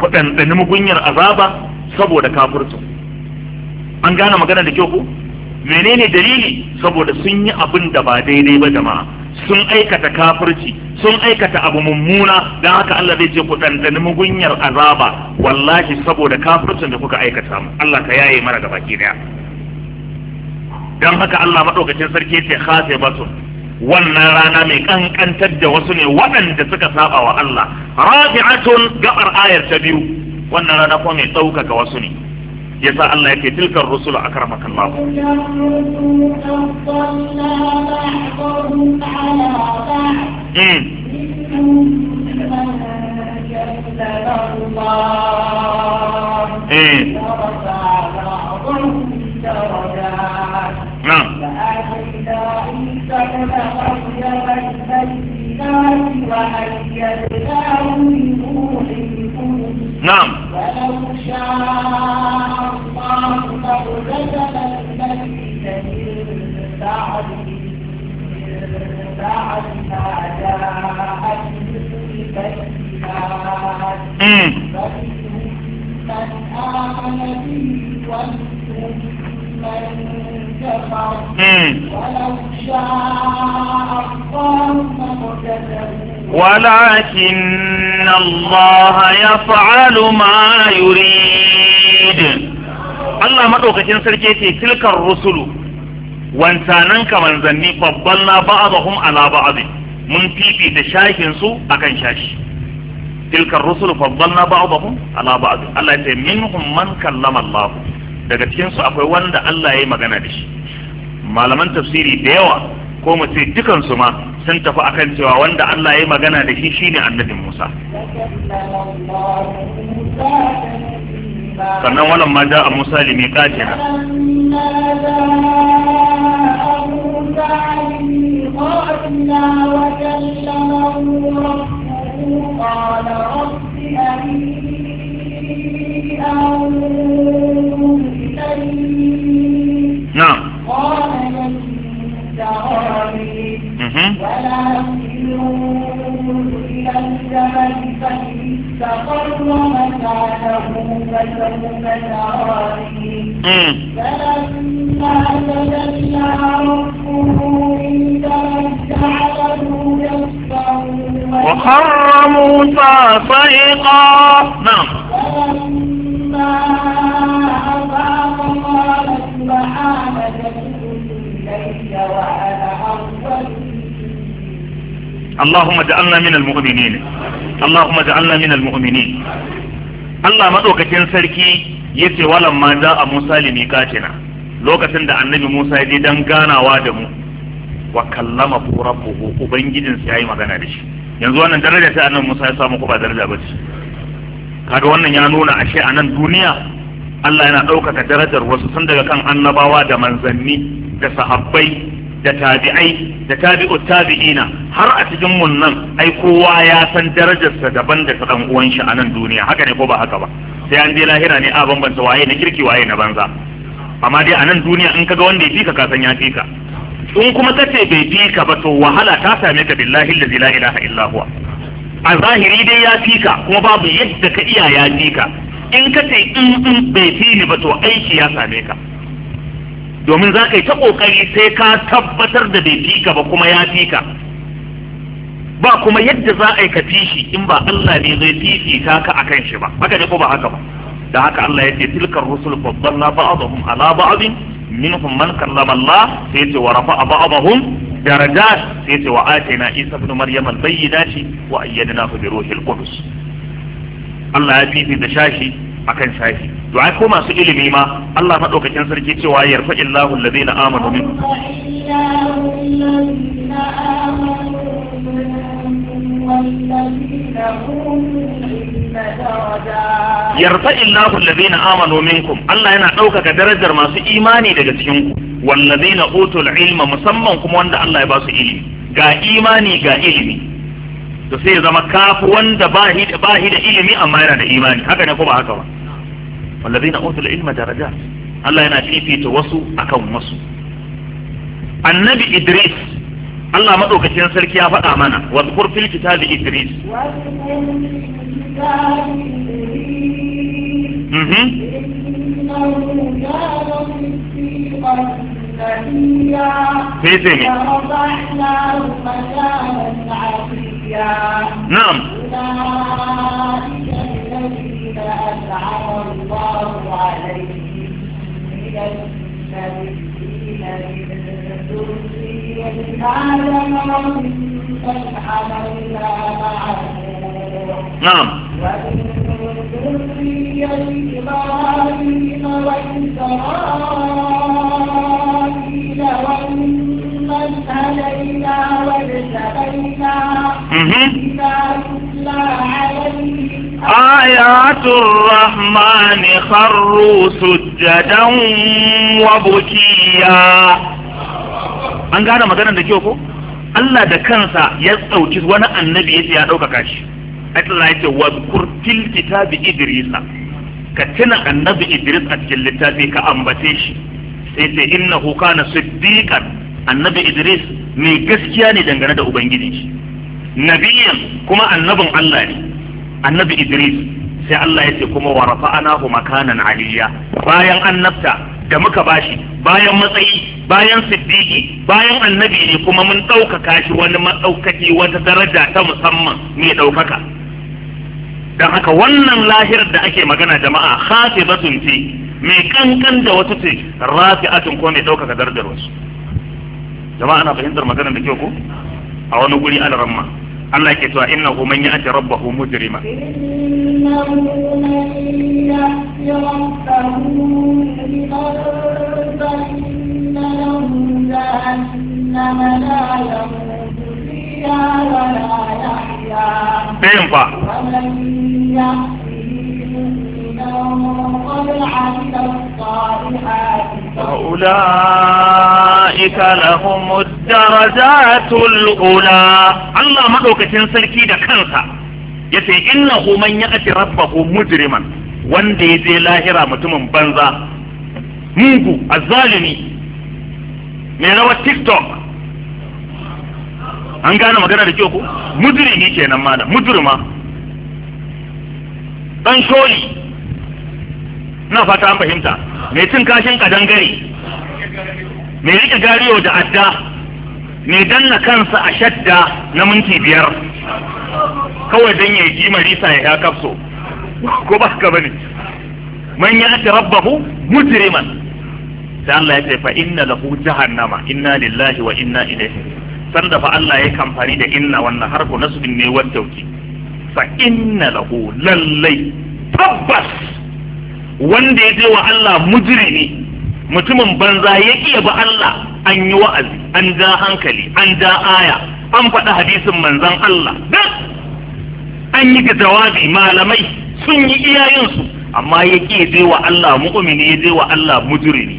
ku dan mugunyar azaba saboda kafircin an gane magana da kyau ku menene dalili saboda sun yi abin da ba daidai ba jama'a sun aikata kafirci sun aikata abu mummuna don haka Allah zai ce ku ɗanɗani mugunyar azaba wallahi saboda kafircin da kuka aikata mu Allah ka yaye mana gaba ki daya don haka Allah maɗaukacin sarki ce khase basu wannan rana mai ƙanƙantar da wasu ne waɗanda suka saba wa Allah rafi'atun gabar ayar ta biyu wannan rana kuma mai ɗaukaka wasu ne yasa Allah yake tilkar rusul akramakan Allah mm eh hmm. درجات نعم لآتينا عيسى ابن مريم البينات وأيدناه بروح القدس نعم ولو شاء الله لاقتتل الذين من بعد بعد ما جاءتهم البينات فمنهم من آمن به ومنهم من كفر ولو ولكن الله يفعل ما يريد Allah maɗaukacin sarki ce tilkar rusulu wancanan ka manzanni babban na ba'adahum ala ba'adi mun fifita shakin su akan shashi tilkar rusulu babban na ba'adahum ala ba'adi Allah ya ce minhum daga cikin su akwai wanda Allah ya yi magana da shi malaman tafsiri da yawa ko mu ce ma sun tafi akan cewa wanda Allah ya yi magana da shi shine annabin Musa sannan wannan ma da Musa limi katina قال رب نعم قال ولا إلى الجبل فإن استقر مكانه فلما تجلى ربه جعله وخر موسى صعقا نعم فلما أفاق قال ثم عاد الليل وأنا أول اللهم اجعلنا من المؤمنين اللهم اجعلنا من المؤمنين Allah madaukakin sarki yace walan ma za a Musa limiqatina lokacin da annabi Musa ya je dan ganawa da mu wa kallama rabbuhu ubangijinsa yayi magana da shi yanzu wannan daraja ta annabi Musa ya samu ku ba daraja ba ce kaga wannan ya nuna ashe a nan duniya Allah yana ɗaukaka darajar wasu tun daga kan annabawa da manzanni da sahabbai da tabi'ai da tabi'ut tabi'ina har a cikin mun nan ai kowa ya san darajarsa daban da dan uwan shi a nan duniya haka ne ko ba haka ba sai an je lahira ne a bambanta waye na kirki waye na banza amma dai a nan duniya in kaga wanda ya fika ka san ya fika in kuma kace bai fika ba to wahala ta same ka billahi allazi la ilaha illa huwa a zahiri dai ya fika kuma babu yadda ka iya ya fika in ka ce in in bai fi ni ba to aiki ya same ka domin za ka yi ta ƙoƙari sai ka tabbatar da bai fi ka ba kuma ya fi ka ba kuma yadda za a yi ka fi shi in ba Allah ne zai fifita ka akan shi ba haka ne ko ba haka ba da haka Allah ya ce tilkar rusul faddalna ba'dahum ala ba'din minhum man kallama Allah sai ya ce wa rafa'a ba'dahum darajat sai ya ce wa atina Isa ibn Maryam al-bayyinati wa ayyadnahu bi ruhil qudus Allah ya da shashi akan shashi to ai ko masu ilimi ma Allah madaukakin sarki cewa yarfa'illahu alladhina amanu min yarfa'illahu alladhina amanu minkum Allah yana ɗaukaka darajar masu imani daga cikin ku wallazina utul ilma musamman kuma wanda Allah ya ba su ilimi ga imani ga ilimi to sai ya zama kafu wanda bahi da bahi da ilimi amma yana da imani haka ne ko ba haka ba wallazina utul ilma daraja Allah yana fifita wasu akan wasu annabi Idris Allah madaukakin sarki ya faɗa mana wa zkur fil kitab Idris mhm sai sai ne نعم أولئك الذين أنعم الله عليهم من النبيين من ذرية آدم وممن حملنا مع نعم ومن ذرية إبراهيم وإسرائيل وممن هدينا واجتبينا آيات الرحمن خروا سجدا وبكيا an gane maganar da kyau ko Allah da kansa ya tsauki wani annabi yace ya ɗaukaka kashi. Allah yace wa kurtil kitabi idrisa ka tuna annabi idris a cikin littafi ka ambace shi sai ce innahu kana siddiqan annabi idris mai gaskiya ne dangane da ubangiji. shi nabiyan kuma annabin Allah ne annabi Idris sai Allah ya ce kuma wa rafa'anahu makanan aliyya bayan annabta da muka bashi bayan matsayi bayan siddiqi bayan annabi ne kuma mun ɗaukaka shi wani matsaukaki wata daraja ta musamman mai ɗaukaka don haka wannan lahirar da ake magana jama'a khatibatun ce mai kankan da wata ce rafi'atun ko mai ɗaukaka darajar wasu jama'a na fahimtar maganar da kyau ko a wani guri alaramma Allah ke cewa innahu man ya'ti rabbahu mujrima Ɗayan fa. فأولئك لهم darajatul ula Allah madaukakin sarki da kansa yace innahu man ya'ti rabbahu mujriman wanda ya je lahira mutumin banza mugu azzalimi Me rawar tiktok an gane magana da kyau ko mujrimi kenan malam mujrima dan sholi na fata an fahimta mai cin kashin kadangare mai rike gariyo da adda mai danna kansa a shadda na minti biyar kawai don ya yi marisa ya kafso ko ba ka bane man ya ta rabbahu mujriman sai Allah ya ce fa inna lahu jahannama inna lillahi wa inna ilaihi sanda fa Allah ya kamfani da inna wannan harfu nasbin ne wanda tauki fa inna lahu lallai tabbas wanda ya je wa Allah mujrimi mutumin banza ya iya ba Allah an yi wa'azi an ja hankali an ja aya an faɗi hadisin manzan Allah duk an yi ga jawabi malamai sun yi iyayensu amma ya ƙi je wa Allah mu'mini ya je wa Allah mujrimi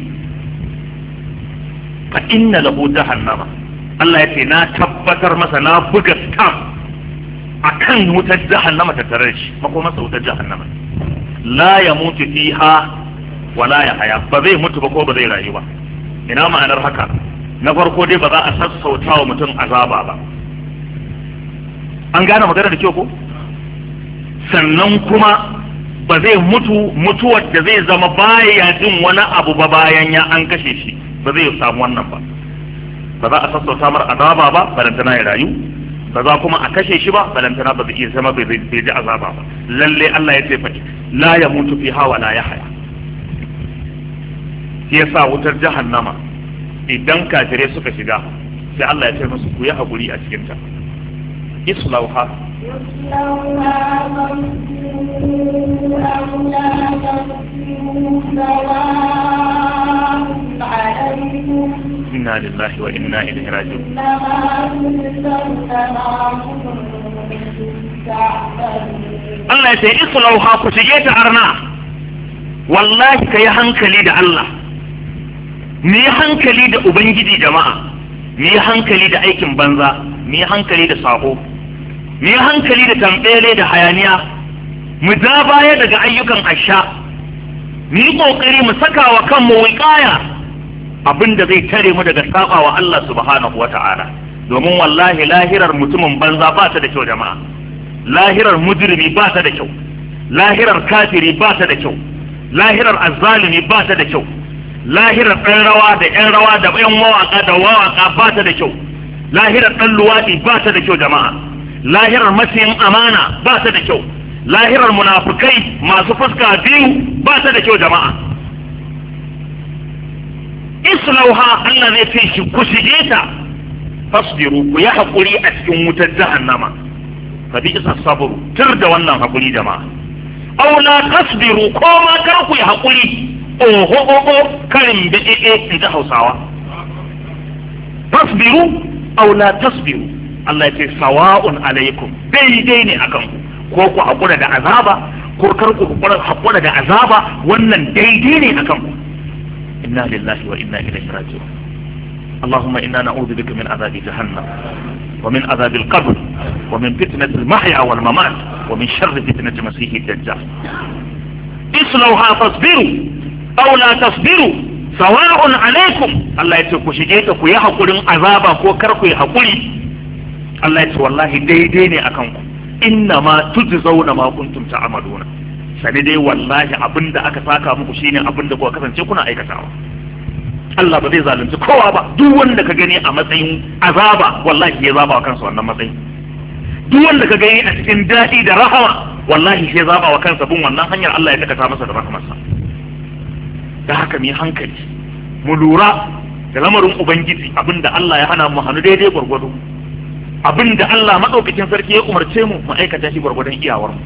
fa inna lahu jahannama Allah ya ce na tabbatar masa na buga stamp akan wutar jahannama ta tare shi mako masa wutar jahannama la ya mutu fiha wala ya haya ba zai mutu ba ko ba zai rayu ba ina ma'anar haka na farko dai ba za a sassauta wa mutum azaba ba an gane magana da kyau ko sannan kuma ba zai mutu mutuwar da zai zama baya jin wani abu ba bayan ya an kashe shi ba zai samu wannan ba ba za a sassauta mar azaba ba balantana ya rayu ba za kuma a kashe shi ba balantana ba zai iya zama bai ji azaba ba lalle Allah ya ce fa la ya mutu fi hawa la ya haya shi sa wutar jahannama idan kafire suka shiga sai Allah ya ce musu ku yi hakuri a cikin ta islauha inna lillahi wa inna ilaihi raji'un Allah ya ce islauha ku shige ta arna wallahi ka yi hankali da Allah Muyi hankali da ubangiji jama'a mu hankali da aikin banza mu hankali da sako mu hankali da tambele da hayaniya mu ja baya daga ayyukan asha mu yi kokari mu saka wa kanmu wiƙaya abin da zai tare mu daga saba wa Allah subhanahu domin wallahi lahirar mutumin banza ba ta da kyau jama'a lahirar mujrimi ba ta da kyau lahirar kafiri ba ta da kyau lahirar azzalimi ba ta da kyau lahirar ɗan rawa da ƴan rawa da ƴan mawaƙa da wawaƙa ba ta da kyau lahirar ɗan luwaɗi ba ta da kyau jama'a lahirar maciyin amana ba ta da kyau lahirar munafukai masu fuska biyu ba ta da kyau jama'a islauha Allah ne ce shi ku shige ta fasbiru ku yi haƙuri a cikin wutar jahannama fa bi isa tur da wannan haƙuri jama'a aw la tasbiru ko ma kar ku yi haƙuri ohohoho karin bidi'e in ji hausawa tasbiru aw la tasbiru Allah ya ce sawa'un alaikum daidai ne akan ku ko ku hakura da azaba ko kar ku hakura da azaba wannan daidai ne akan ku inna lillahi wa inna ilaihi raji'un اللهم إنا نعوذ بك من عذاب جهنم ومن عذاب القبر ومن فتنة المحيا والممات ومن شر فتنة مسيح الدجال اصلوها فاصبروا aw la tasbiru sawa'un alaikum Allah ya ce ku shige ta ku yi hakurin azaba ko kar ku yi hakuri Allah ya ce wallahi daidai ne akan ku inna ma tujzauna ma kuntum ta'maluna sani dai wallahi abinda aka saka muku shine abinda kuka kasance kuna aikatawa Allah ba zai zalunci kowa ba duk wanda ka gani a matsayin azaba wallahi ya zaba wa kansa wannan matsayin duk wanda ka gani a cikin daɗi da rahama wallahi sai zaba wa kansa bin wannan hanyar Allah ya takata masa da rahamarsa da haka mu hankali mu lura da lamarin ubangiji abinda Allah ya hana mu hannu daidai gwargwado abinda Allah madaukakin sarki ya umarce mu mu aikata shi gwargwadon iyawar mu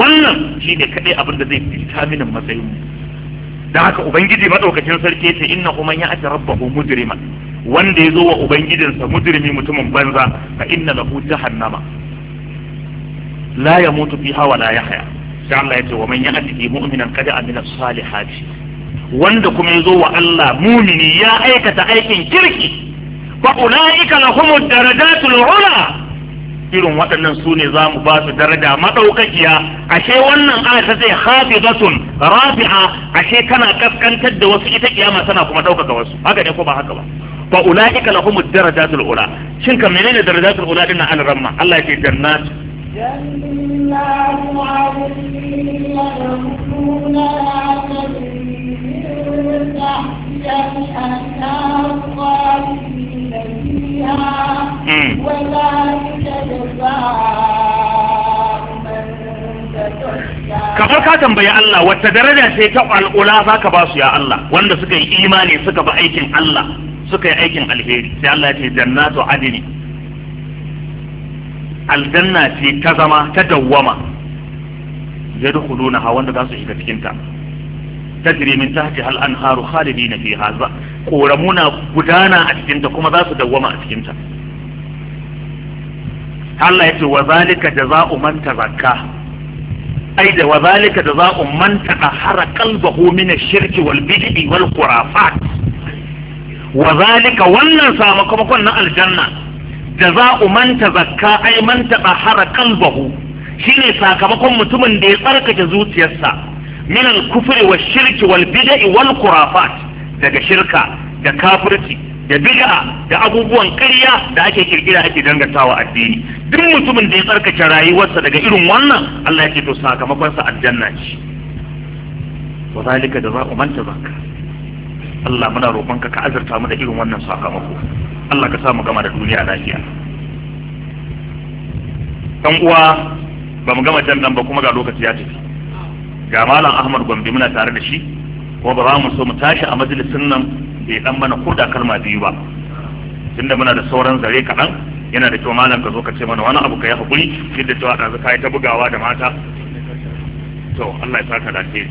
wannan shine kadai abinda zai fita minin matsayin mu da haka ubangiji madaukakin sarki ya ce inna man ya'ti rabbahu mujriman wanda ya zo wa ubangijinsa mujrimi mutumin banza fa inna lahu jahannama la yamutu fiha wa la yahya sai Allah ya ce wa man ya'ti mu'minan qad amila salihati wanda kuma ya zo wa Allah mumini ya aikata aikin kirki fa ulaika lahum darajatul ula irin waɗannan su ne za mu ba su daraja maɗaukakiya ashe wannan aya ta ce hafizatun rafi'a ashe kana kaskantar da wasu ita kiyama tana kuma ɗaukaka wasu haka ne ko ba haka ba fa ulaika lahum darajatul ula shin kan menene darajatul ula din nan ramma Allah ya ce jannat jannatu تحتها ka tambayi Allah wata daraja sai ta al'ula za ka ba su ya Allah wanda suka yi imani suka ba aikin Allah suka yi aikin alheri sai Allah ya ce jannatu adini aljanna ce ta zama ta dawwama yadkhulunaha wanda za su shiga cikin ta tajri min tahtiha al-anharu khalidina fiha za koramuna gudana a cikin ta kuma za su dawwama a cikin ta Allah yace wa zalika jazaa'u man tazakka ai da wa zalika jazaa'u man tahara qalbahu min ash-shirki wal bid'i wal khurafat wa zalika wannan sakamakon na aljanna jaza'u man tazakka ai man tahara qalbahu shine sakamakon mutumin da ya tsarkake zuciyarsa min al-kufr wa shirk wal bid'a wal khurafat daga shirka da kafirci da bid'a da abubuwan ƙarya da ake kirkira ake dangantawa addini duk mutumin da ya tsarkace rayuwarsa daga irin wannan Allah ya ce to sakamakon sa aljanna ce wa zalika jazaa'u man tabaka Allah muna roƙon ka azurta mu da irin wannan sakamako Allah ka sa mu gama da duniya lafiya dan uwa ba mu gama can nan ba kuma ga lokaci ya tafi ga malam ahmad gombe muna tare da shi ko ba za mu so mu tashi a majalisin nan bai dan mana koda kalma biyu ba tunda muna da sauran zare kaɗan yana da kyau malam ka zo ka ce mana wani abu ka yi haƙuri duk da cewa ɗazu ka ta bugawa da mata to Allah ya saka dace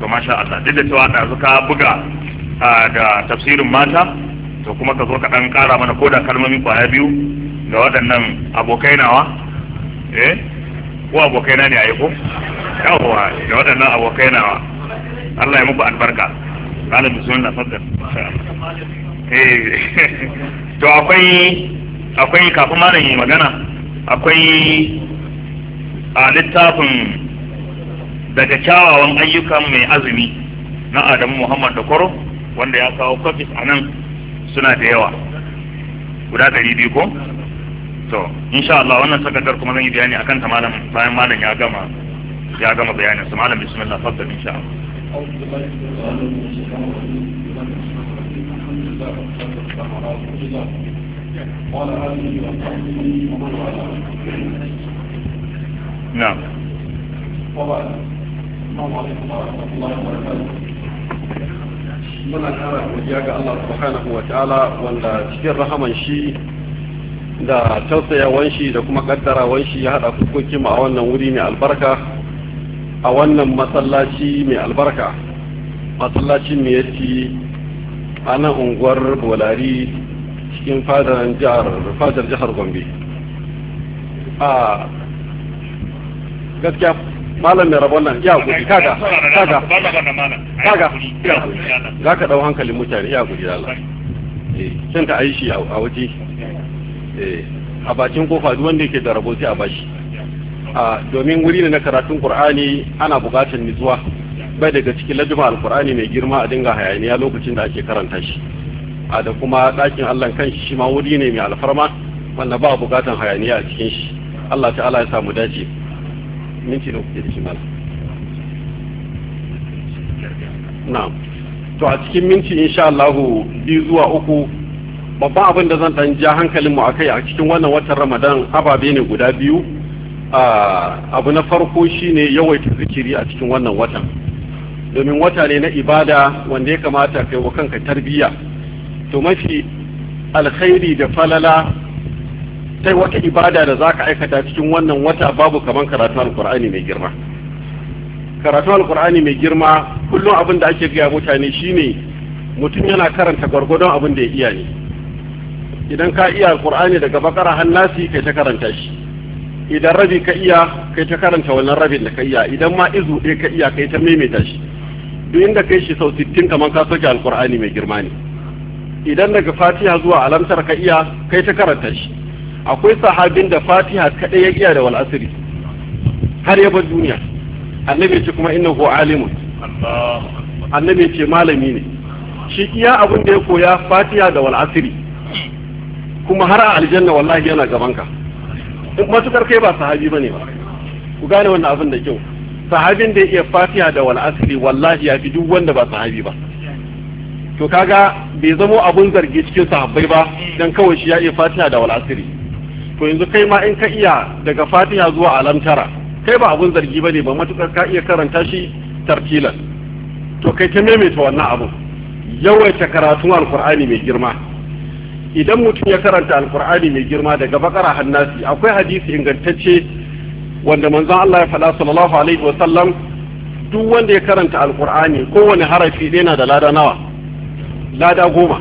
to masha Allah duk da cewa ɗazu ka buga da tafsirin mata to kuma ka zo ka ɗan ƙara mana koda kalmomi kwaya biyu ga waɗannan abokai nawa eh ko abokai na ne a yi ko yawwa da waɗannan abokai nawa Allah ya muku albarka kala bismillah fadar eh, to akwai akwai kafin malam yi magana akwai a littafin daga kyawawan ayyukan mai azumi na Adamu Muhammad da Koro wanda ya kawo kofis a nan suna da yawa guda ɗari biyu ko to insha Allah wannan sakatar kuma zan yi bayani akan ta malam bayan malam ya gama ya gama bayanin su malam bismillah faddal insha Allah قال هذه وصحبه ومن والاه نعم وبعد السلام عليكم ورحمه الله وبركاته muna kara godiya ga Allah subhanahu wa ta'ala wanda cikin rahaman shi da tausayawan shi da kuma kaddarawan shi ya hada fuskokin mu a wannan wuri mai albarka a wannan masallaci mai albarka masallaci mai yaci a nan unguwar bolari cikin fadar jihar gombe a gaskiya malam mai rabon nan ya gudi kaga kaga kaga za ka dau hankalin mutane ya gudi lala sun aishi a waje eh, a bakin kofa duk wanda yake da rabo sai a bashi domin wuri ne na karatun qur'ani ana buƙatar nizuwa bai daga cikin lajima alqur'ani mai girma a dinga hayaniya lokacin da ake karanta shi a da kuma ɗakin allah kan shi ma wuri ne mai alfarma wanda ba buƙatar hayaniya a cikin shi allah ta'ala ya samu dace minti da kuke da shi mala na to a cikin minti insha Allah biyu zuwa uku babban abin da zan dan ja hankalin mu akai a cikin wannan watan Ramadan ababe ne guda biyu abu na farko shine yawaita zikiri a cikin wannan watan domin wata ne na ibada wanda ya kamata kai wa kanka tarbiyya to mafi alkhairi da falala sai wata ibada da zaka aikata cikin wannan wata babu kaman karatun alkur'ani mai girma karatun alkur'ani mai girma kullum abin da ake gaya mutane shine mutum yana karanta gwargwadon abin da ya iya ne idan ka iya alkur'ani daga bakara hannasi kai ta karanta shi idan rabi ka iya kai ta karanta wannan rabin da ka iya idan ma izu ɗaya ka iya kai ta maimaita shi duk inda kai shi sau sittin kamar ka soke alkur'ani mai girma ne idan daga fatiha zuwa alamtar ka iya kai ta karanta shi akwai sahabin da fatiha kaɗai ya iya da wal asiri har ya bar duniya annabi ce kuma innahu alimun annabi ce malami ne shi iya abin da ya koya fatiha da wal asiri kuma har a aljanna wallahi yana gaban ka matukar kai ba sahabi ba ne ba ku gane wannan abin da kyau sahabin da iya fatiha da wal asli wallahi ya fi duk wanda ba sahabi ba to kaga bai zamo abun zargi cikin sahabbai ba dan kawai shi ya iya fatiha da wal asli to yanzu kai ma in ka iya daga fatiha zuwa alamtara kai ba abun zargi ba ne ba matukar ka iya karanta shi tartilan to kai ta maimaita wannan abun. yawaita karatun alkur'ani mai girma idan mutum ya karanta alkur'ani mai girma daga bakara hannasi akwai hadisi ingantacce wanda manzon Allah ya faɗa sallallahu alaihi wa sallam duk wanda ya karanta alkur'ani kowane harafi na da lada nawa lada goma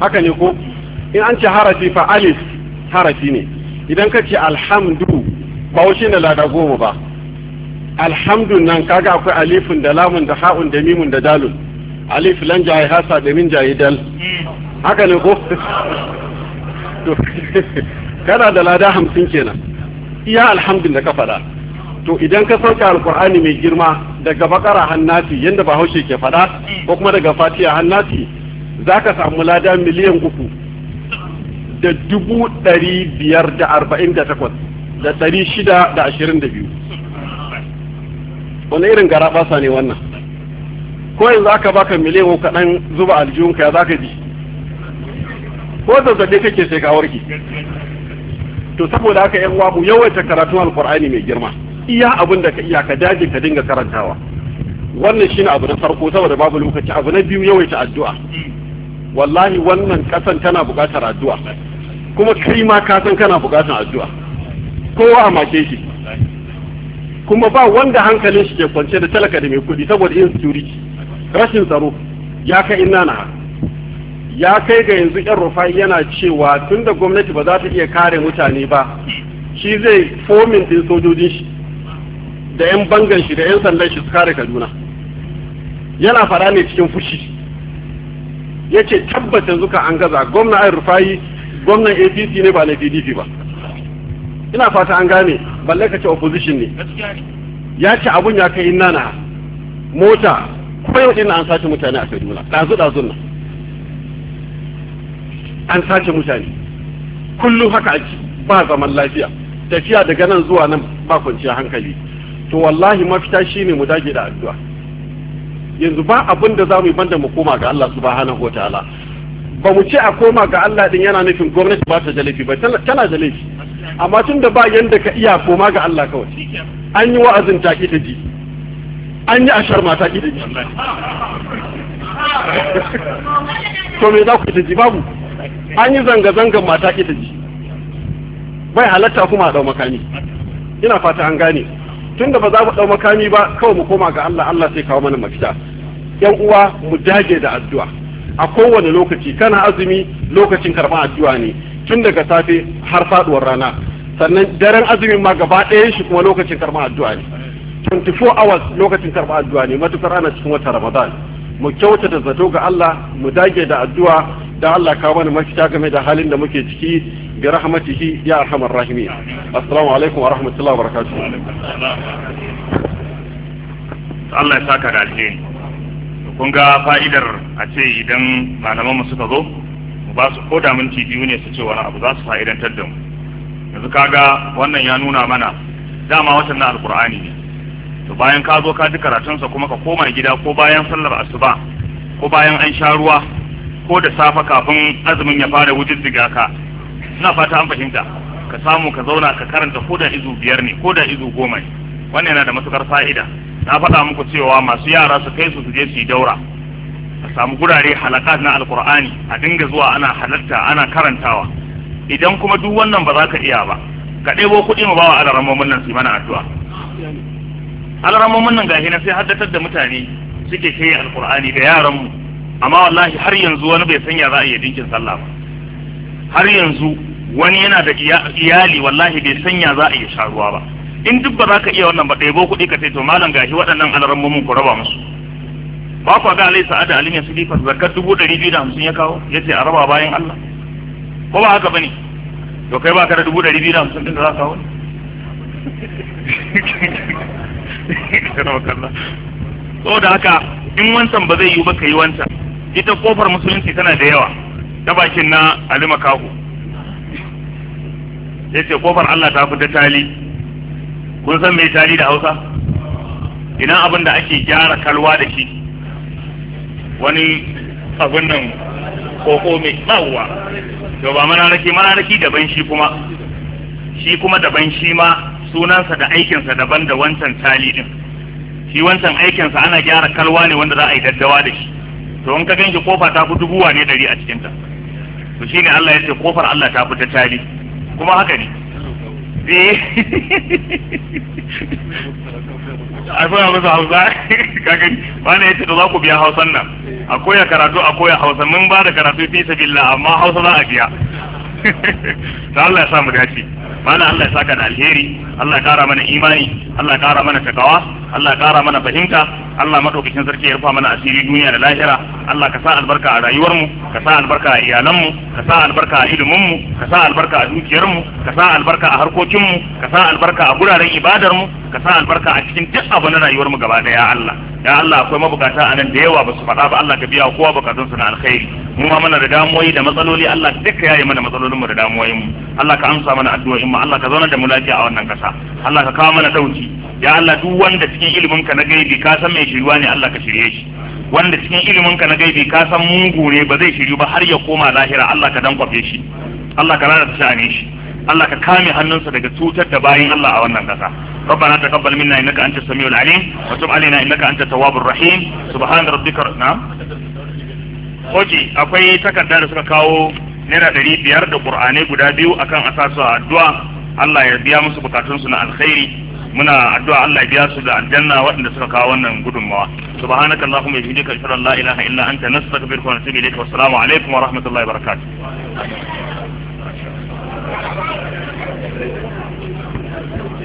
haka ne ko in an ce harafi fa alif harafi ne idan ka ce alhamdu ba wuce ne lada goma ba alhamdu nan kaga akwai alifun da lamun da ha'un da mimun da dalun alif lan jaye hasa da min jaye dal haka ne ko kana da lada hamsin kenan iya alhamdulillah ka faɗa to idan ka sauka alkur'ani mai girma daga bakara hannati yadda bahaushe ke faɗa ko kuma daga fatiya hannati za ka samu lada miliyan uku da dubu ɗari biyar da arba'in da takwas da ɗari shida da ashirin da biyu wani irin gara ne wannan ko yanzu aka baka miliyan uku kaɗan zuba aljihunka ya za ka ji ko zazzabi kake sai ka to saboda haka yan uwa yawaita karatu alqur'ani mai girma iya abin da ka iya ka dace ka dinga karantawa wannan shine abu na farko saboda babu lokaci abu na biyu yawaita addu'a wallahi wannan kasan tana buƙatar addu'a kuma kai ma ka san kana buƙatar addu'a kowa a make shi kuma ba wanda hankalin shi ke kwance da talaka da mai kuɗi saboda insecurity rashin tsaro ya kai inna na ya kai ga yanzu yan rufai yana cewa tun da gwamnati ba za ta iya kare mutane ba shi zai fomin din sojojin shi da yan bangan shi da yan sandan shi su kare kaduna yana fara ne cikin fushi ya ce tabbata zuka an gaza gwamna rufai gwamnan apc ne ba na pdp ba ina fata an gane balle ka ce opposition ne ya ce abun ya kai inna na mota koyau ina an sace mutane a kaduna ɗazu ɗazun nan an sace mutane kullu haka ake ba zaman lafiya tafiya daga nan zuwa nan ba kwanciyar hankali to wallahi mafita shi ne mu dage da addu'a yanzu ba abin da mu yi banda mu koma ga Allah subhanahu wataala ba mu ce a koma ga Allah din yana nufin gwamnati ba ta da laifi ba tana da laifi amma tun da ba yanda ka iya koma ga Allah kawai an yi wa'azin taki ta ji an yi ashar ma taki ta ji to me za ku ta ji babu an yi zanga-zangan mata ita ce bai halatta kuma a makami ina fata an gane tun da ba za mu ɗau makami ba kawai mu koma ga Allah Allah sai kawo mana mafita yan uwa mu dage da addu'a a kowane lokaci kana azumi lokacin karɓar addu'a ne tun daga safe har faɗuwar rana sannan daren azumin ma gaba ɗaya shi kuma lokacin karɓar addu'a ne 24 hours lokacin karɓar addu'a ne matukar ana cikin wata ramadan mu kyautata zato ga Allah mu dage da addu'a da Allah ka mana mafita game da halin da muke ciki bi rahmatihi ya arhamar rahimi assalamu alaikum wa rahmatullahi wa barakatuh Allah ya saka da alheri kun ga fa'idar a ce idan malaman mu suka zo mu ba su koda minti biyu ne su ce wani abu za su fa'idantar da mu yanzu kaga wannan ya nuna mana dama watan na alkur'ani ne to bayan ka zo ka ji karatunsa kuma ka koma gida ko bayan sallar asuba ko bayan an sha ruwa ko da safe kafin azumin ya fara wujud diga ka ina fata an fahimta ka samu ka zauna ka karanta ko da izu biyar ne ko da izu goma ne wannan yana da matukar fa'ida na faɗa muku cewa masu yara su kai su su je su yi daura a samu gurare halakat na alkur'ani a dinga zuwa ana halatta ana karantawa idan kuma duk wannan ba za ka iya ba ka ɗebo kuɗi mu bawa alaramomin nan su mana addu'a alaramomin nan gashi na sai haddatar da mutane suke kai alkur'ani da yaranmu amma wallahi har yanzu wani bai sanya za a yi dinkin sallah ba har yanzu wani yana da iyali wallahi bai sanya za a yi sharuwa ba in duk ba za ka iya wannan ba ɗebo kuɗi ka ce to malam gashi waɗannan alarammomin ku raba musu ba ku ga alai sa'ada alim ya sulifa zakar dubu ɗari biyu da hamsin ya kawo ya ce a raba bayan allah ko ba haka bane to kai ba ka da dubu ɗari biyu da hamsin da za ka kawo saboda haka in wancan ba zai yi ba ka yi wancan ita kofar musulunci tana da yawa ta bakin na alima kahu ya ce kofar Allah ta fita tali kun san mai tali da hausa Ina abin da ake gyara kalwa da shi wani abin nan koko mai tsawuwa to ba manaraki manaraki daban shi kuma shi kuma daban shi ma sunansa da aikinsa daban da wancan tali din shi wancan aikinsa ana gyara kalwa ne wanda za a yi daddawa da shi to in ka ganshi kofa ta fi dubuwa ne dari a cikin ta to shine Allah ya ce kofar Allah ta fi tari kuma haka ne eh. a koya musu hausa kaga wani ya ce to za ku biya hausan nan a koya karatu a koya hausa mun ba da karatu fi sabilla amma hausa za a biya ta Allah ya sa mu dace mana Allah ya saka da alheri Allah ya kara mana imani Allah ya kara mana takawa Allah ya kara mana fahimta Allah madaukakin sarki ya rufa mana asiri duniya da lahira Allah ka sa albarka a rayuwarmu mu ka sa albarka a iyalanmu mu ka sa albarka a ilimin mu ka sa albarka a dukiyarmu mu ka sa albarka a harkokin mu ka sa albarka a guraren ibadar mu ka sa albarka a cikin duk abu na rayuwar mu gaba ɗaya Allah ya Allah akwai mabukata a nan da yawa ba su faɗa ba Allah ka biya kowa bukatun su na alkhairi mu ma mana da damuwoyi da matsaloli Allah duka yayi mana matsalolin mu da damuwoyin mu Allah ka amsa mana addu'o'in mu Allah ka zauna da mu lafiya a wannan kasa Allah ka kawo mana dauki ya Allah duk wanda cikin ilimin ka na gaibi ka san mai shiryuwa ne Allah ka shirye shi wanda cikin ilimin ka na gaibi ka san mugu ne ba zai shiryu ba har ya koma lahira Allah ka dankwafe shi Allah ka lalata sha'anin shi Allah ka kame hannunsa daga cutar da bayin Allah a wannan kasa ربنا تقبل منا انك انت السميع العليم وتب علينا انك انت التواب الرحيم سبحان ربك نعم oke akwai takarda da suka kawo naira ɗari biyar da ƙur'anai guda biyu akan asasu addu'a Allah ya biya musu bukatunsu na alkhairi muna addu'a Allah biya su da aljanna waɗanda suka kawo wannan gudunmawa subhanaka allahumma bihamdika ashhadu an la ilaha illa anta nastaghfiruka wa natubu ilayka wa assalamu alaikum wa rahmatullahi wa barakatuh